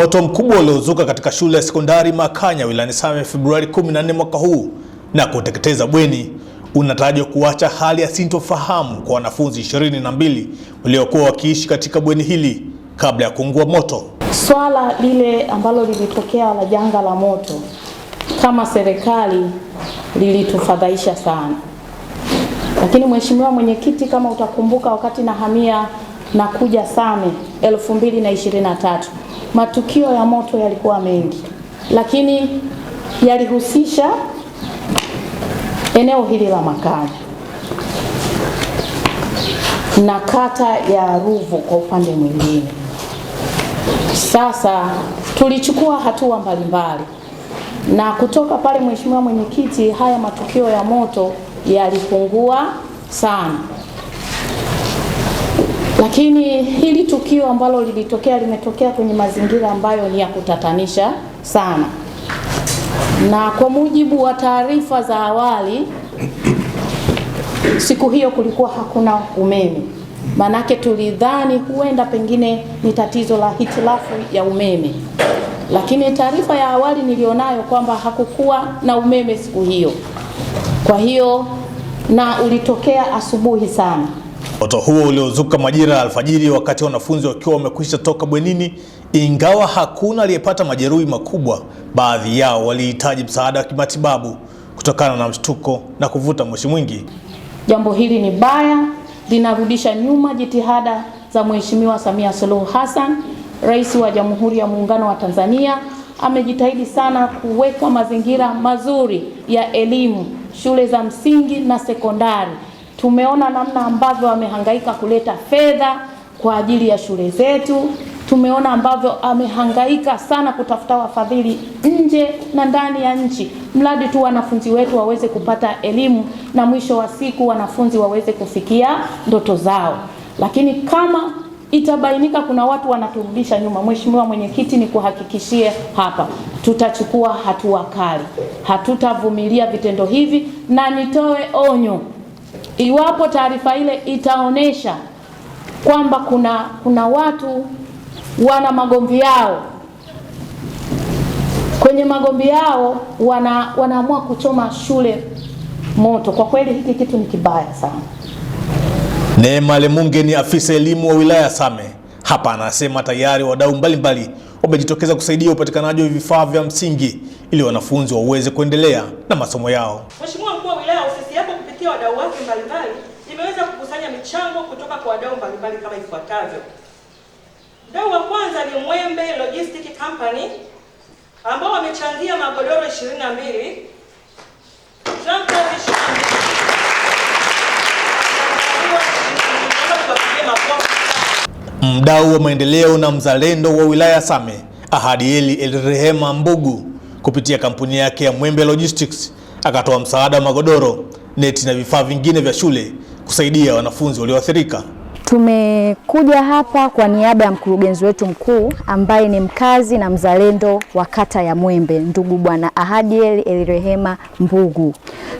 Moto mkubwa uliozuka katika shule ya sekondari Makanya wilayani Same Februari 14 mwaka huu na kuteketeza bweni unatajwa kuacha hali ya sintofahamu kwa wanafunzi 22 waliokuwa wakiishi katika bweni hili kabla ya kuungua moto. Swala lile ambalo lilitokea la janga la moto, kama serikali lilitufadhaisha sana, lakini Mheshimiwa Mwenyekiti, kama utakumbuka, wakati nahamia na kuja Same 2023 matukio ya moto yalikuwa mengi, lakini yalihusisha eneo hili la makazi na kata ya Ruvu kwa upande mwingine. Sasa tulichukua hatua mbalimbali na kutoka pale, Mheshimiwa Mwenyekiti, haya matukio ya moto yalipungua sana. Lakini hili tukio ambalo lilitokea limetokea kwenye mazingira ambayo ni ya kutatanisha sana, na kwa mujibu wa taarifa za awali, siku hiyo kulikuwa hakuna umeme. Maanake tulidhani huenda pengine ni tatizo la hitilafu ya umeme, lakini taarifa ya awali nilionayo kwamba hakukuwa na umeme siku hiyo. Kwa hiyo na ulitokea asubuhi sana. Moto huo uliozuka majira ya alfajiri wakati wanafunzi wakiwa wamekwisha toka bwenini, ingawa hakuna aliyepata majeruhi makubwa, baadhi yao walihitaji msaada wa kimatibabu kutokana na mshtuko na kuvuta moshi mwingi. Jambo hili ni baya, linarudisha nyuma jitihada za Mheshimiwa Samia Suluhu Hassan, Rais wa Jamhuri ya Muungano wa Tanzania. Amejitahidi sana kuweka mazingira mazuri ya elimu shule za msingi na sekondari Tumeona namna ambavyo amehangaika kuleta fedha kwa ajili ya shule zetu. Tumeona ambavyo amehangaika sana kutafuta wafadhili nje na ndani ya nchi, mradi tu wanafunzi wetu waweze kupata elimu na mwisho wa siku wanafunzi waweze kufikia ndoto zao. Lakini kama itabainika kuna watu wanaturudisha nyuma, Mheshimiwa Mwenyekiti, ni kuhakikishie hapa tutachukua hatua kali, hatutavumilia vitendo hivi, na nitoe onyo Iwapo taarifa ile itaonyesha kwamba kuna, kuna watu wana magomvi yao kwenye magomvi yao wana, wanaamua kuchoma shule moto, kwa kweli hiki kitu ni kibaya sana. Neema Lemunge ni afisa elimu wa wilaya Same hapa anasema tayari wadau mbalimbali wamejitokeza kusaidia upatikanaji wa vifaa vya msingi ili wanafunzi waweze kuendelea na masomo yao kupitia wadau wake mbalimbali imeweza kukusanya michango kutoka kwa wadau mbalimbali kama ifuatavyo. Mdau wa kwanza ni Mwembe Logistic Company ambao wamechangia magodoro 22, trakta Mdau wa maendeleo na mzalendo wa wilaya Same Ahadieli Elrehema Mbugu kupitia kampuni yake ya Mwembe Logistics akatoa msaada wa magodoro neti na vifaa vingine vya shule kusaidia wanafunzi walioathirika. Tumekuja hapa kwa niaba ya mkurugenzi wetu mkuu ambaye ni mkazi na mzalendo wa kata ya Mwembe, ndugu bwana Ahadiel Elirehema Mbugu.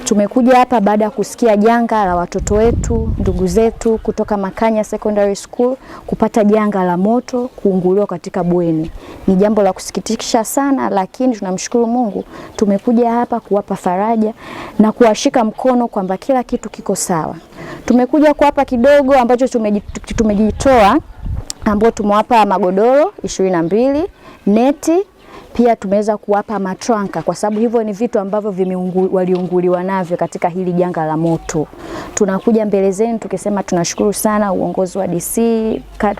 Tumekuja hapa baada ya kusikia janga la watoto wetu, ndugu zetu kutoka Makanya Secondary School kupata janga la moto, kuunguliwa katika bweni. Ni jambo la kusikitisha sana, lakini tunamshukuru Mungu, tumekuja hapa kuwapa faraja na kuwashika mkono kwamba kila kitu kiko sawa. Tumekuja kuwapa kidogo ambacho tumejitoa, ambao tumewapa magodoro ishirini na mbili neti pia tumeweza kuwapa matranka kwa sababu hivyo ni vitu ambavyo waliunguliwa navyo katika hili janga la moto. Tunakuja mbele zenu tukisema tunashukuru sana uongozi wa DC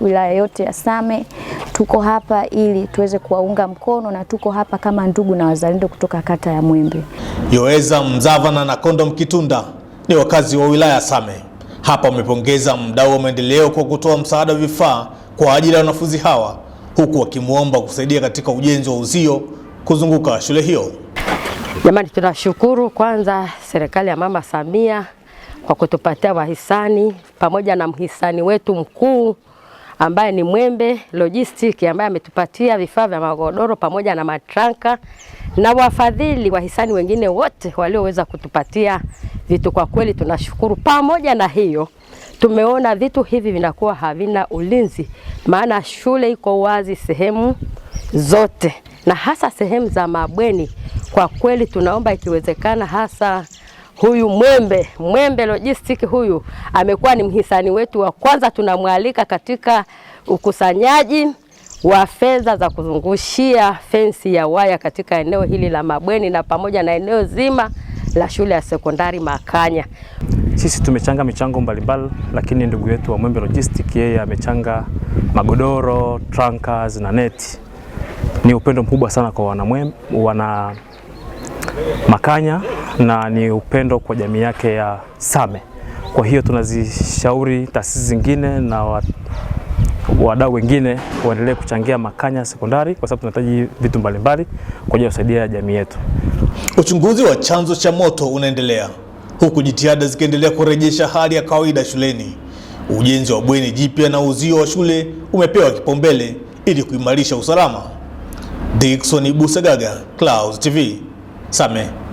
wilaya yote ya Same, tuko hapa ili tuweze kuwaunga mkono na tuko hapa kama ndugu na wazalendo kutoka kata ya Mwembe. Yoeza Mzavana na Kondo Mkitunda ni wakazi wa wilaya Same. Hapa wamepongeza mdau wa maendeleo kwa kutoa msaada wa vifaa kwa ajili ya wanafunzi hawa, huku wakimwomba kusaidia katika ujenzi wa uzio kuzunguka shule hiyo. Jamani, tunashukuru kwanza serikali ya Mama Samia kwa kutupatia wahisani pamoja na mhisani wetu mkuu ambaye ni Mwembe Logistic ambaye ametupatia vifaa vya magodoro pamoja na matranka na wafadhili wahisani wengine wote walioweza kutupatia vitu. Kwa kweli tunashukuru. Pamoja na hiyo, tumeona vitu hivi vinakuwa havina ulinzi, maana shule iko wazi sehemu zote na hasa sehemu za mabweni. Kwa kweli tunaomba ikiwezekana, hasa huyu Mwembe Mwembe Logistic huyu amekuwa ni mhisani wetu wa kwanza. Tunamwalika katika ukusanyaji wa fedha za kuzungushia fensi ya waya katika eneo hili la mabweni na pamoja na eneo zima la shule ya sekondari Makanya. Sisi tumechanga michango mbalimbali, lakini ndugu yetu wa Mwembe Logistic yeye amechanga magodoro, trunkers na neti. Ni upendo mkubwa sana kwa wana, wana Makanya na ni upendo kwa jamii yake ya Same. Kwa hiyo tunazishauri taasisi zingine na wa, wadau wengine waendelee kuchangia Makanya Sekondari kwa sababu tunahitaji vitu mbalimbali kwa ajili ya kusaidia jamii yetu. Uchunguzi wa chanzo cha moto unaendelea huku jitihada zikiendelea kurejesha hali ya kawaida shuleni. Ujenzi wa bweni jipya na uzio wa shule umepewa kipaumbele ili kuimarisha usalama. Dickson Busagaga, Clouds TV, Same.